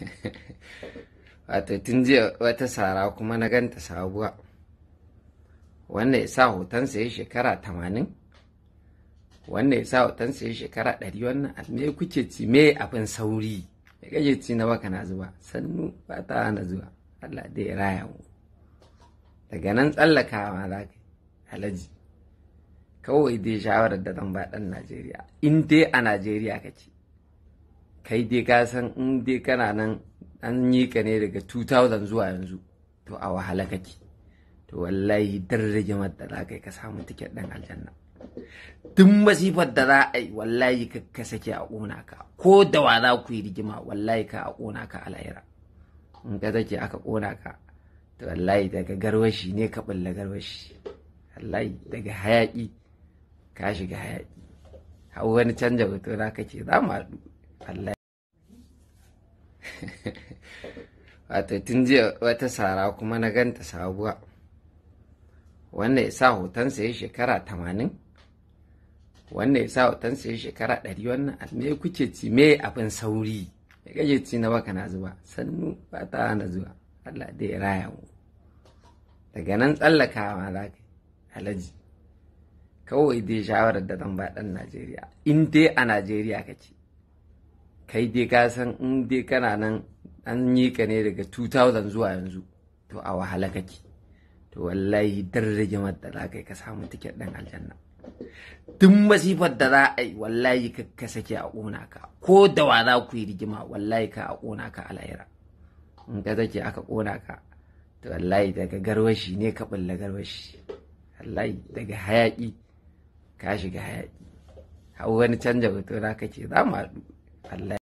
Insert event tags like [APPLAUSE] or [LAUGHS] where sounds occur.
[LAUGHS] wato tun jiya wata sara kuma na ganta sabuwa wanda ya sa hotonsa ya shekara tamanin wanda ya sa hotonsa ya shekara ɗari wannan me kuke ci me abin sauri ya kake ci na baka na zuba sannu ba ta na zuwa Allah dai ya raya mu daga nan ma za ka alaji kawai dai shawarar da zan ba ɗan Najeriya in dai a Najeriya kake kai dai ka san in dai kana nan an yi ka ne daga 2000 zuwa yanzu to a wahala kake to wallahi dan rage da za ka ka samu tiket ɗin aljanna duk masifar da za a yi wallahi ka ka sake a ƙona ka ko da wa za ku yi rigima wallahi ka a ƙona ka a lahira in ka sake aka ƙona ka to wallahi daga garwashi ne ka ɓulla garwashi wallahi daga hayaƙi ka shiga hayaƙi hau wani canja hoto na kake za mu haɗu wallahi [LAUGHS] Wata tun jiya wata sara kuma na ganta sabuwa wanda ya sa hotonsa ya shekara tamanin wanda ya sa hotonsa ya shekara ɗari wannan me kuke ci me abin sauri ya gaje ci na baka na zuba sannu ba ta na zuwa Allah dai raya mu daga nan tsallaka ma za ka alaji kawai dai shawarar da zan ba Najeriya in dai a Najeriya ka ce. kai dai ka san in dai kana nan an yi ka ne daga 2000 zuwa yanzu to a wahala kake to wallahi dar rigimar da za ka yi ka samu tiket ɗin aljanna duk masifar da za a yi wallahi ka ka sake a ƙona ka ko da wa za ku yi rigima wallahi ka a ƙona ka a lahira in ka sake aka ƙona ka to wallahi daga garwashi ne ka ɓulla garwashi wallahi daga hayaƙi ka shiga hayaƙi hau wani canja hoto na kake za mu haɗu wallahi